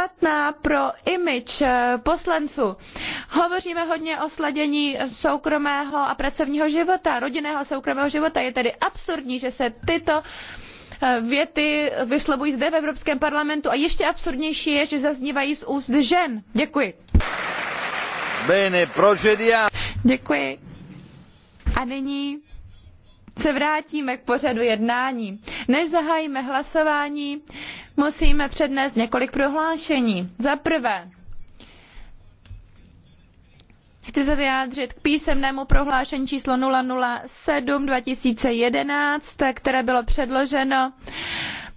špatná pro image eh, poslanců. Hovoříme hodně o sladění soukromého a pracovního života, rodinného a soukromého života. Je tedy absurdní, že se tyto eh, věty vyslovují zde v Evropském parlamentu a ještě absurdnější je, že zaznívají z úst žen. Děkuji. Bene, procedia. Děkuji. A nyní se vrátíme k pořadu jednání. Než zahájíme hlasování, musíme přednést několik prohlášení. Za prvé, Chci se vyjádřit k písemnému prohlášení číslo 007 2011, které bylo předloženo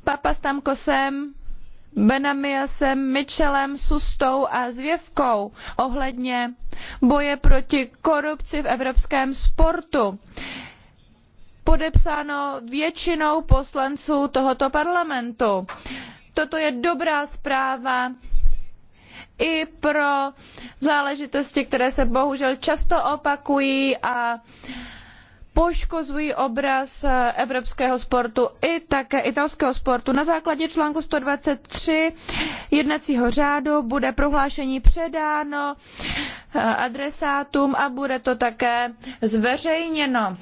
Papastamkosem, Benamiasem, Mitchellem, Sustou a Zvěvkou ohledně boje proti korupci v evropském sportu podepsáno většinou poslanců tohoto parlamentu. Toto je dobrá zpráva i pro záležitosti, které se bohužel často opakují a poškozují obraz evropského sportu i také italského sportu. Na základě článku 123 jednacího řádu bude prohlášení předáno adresátům a bude to také zveřejněno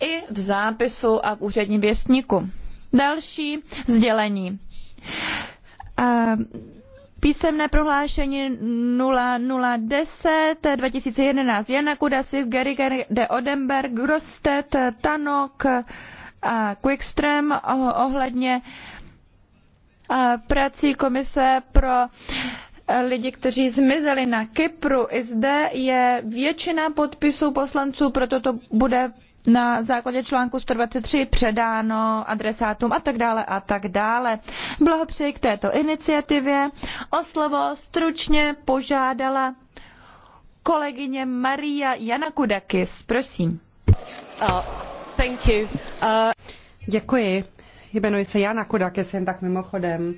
i v zápisu a v úředním věstníku. Další sdělení. A písemné prohlášení 0010 2011 Jana Kudasis, Geriger de Odenberg, Grostet, Tanok a Quickström ohledně prací komise pro lidi, kteří zmizeli na Kypru. I zde je většina podpisů poslanců, proto to bude na základě článku 123 předáno adresátům a tak dále a tak dále. Blahopřeji k této iniciativě. O slovo stručně požádala kolegyně Maria Janakudakis. Prosím. Oh, thank you. Uh... Děkuji. Jmenuji se Jana Kudakis, jen tak mimochodem.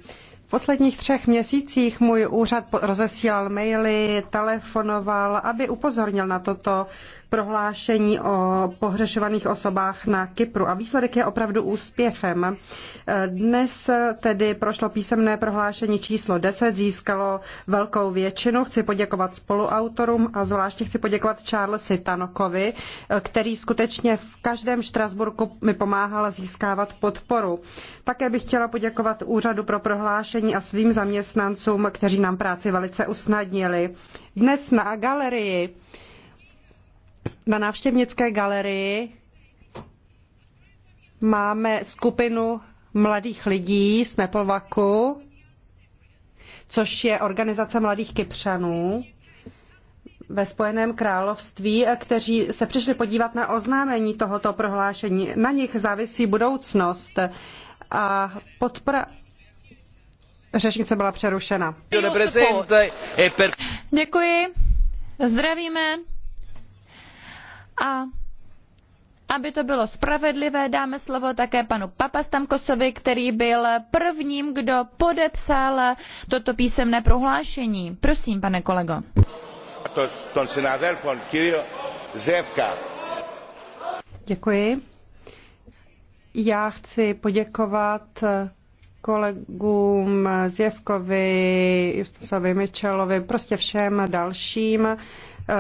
V posledních třech měsících můj úřad rozesílal maily, telefonoval, aby upozornil na toto prohlášení o pohřešovaných osobách na Kypru. A výsledek je opravdu úspěchem. Dnes tedy prošlo písemné prohlášení číslo 10, získalo velkou většinu. Chci poděkovat spoluautorům a zvláště chci poděkovat Charlesi Tanokovi, který skutečně v každém Štrasburku mi pomáhal získávat podporu. Také bych chtěla poděkovat úřadu pro prohlášení opatření a svým zaměstnancům, kteří nám práci velice usnadnili. Dnes na galerii, na návštěvnické galerii máme skupinu mladých lidí z Nepolvaku, což je organizace mladých Kypřanů ve Spojeném království, kteří se přišli podívat na oznámení tohoto prohlášení. Na nich závisí budoucnost a podpora Řečnice byla přerušena. Děkuji. Zdravíme. A aby to bylo spravedlivé, dáme slovo také panu Papastamkosovi, který byl prvním, kdo podepsal toto písemné prohlášení. Prosím, pane kolego. Děkuji. Já chci poděkovat kolegům Zjevkovi, Justusovi Mičelovi, prostě všem dalším. Eh,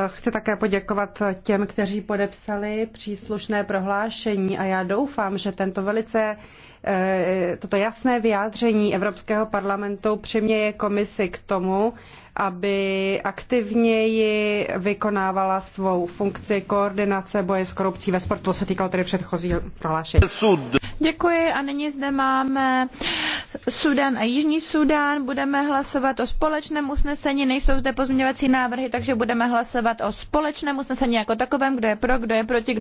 chci také poděkovat těm, kteří podepsali příslušné prohlášení a já doufám, že tento velice eh, toto jasné vyjádření Evropského parlamentu přiměje komisi k tomu, aby aktivněji vykonávala svou funkci koordinace boje s korupcí ve sportu. To se týkalo tedy předchozího prohlášení. Děkuji a nyní zde máme Sudan a Jižní Sudan. Budeme hlasovat o společném usnesení, nejsou zde pozměňovací návrhy, takže budeme hlasovat o společném usnesení jako takovém, kdo je pro, kdo je proti.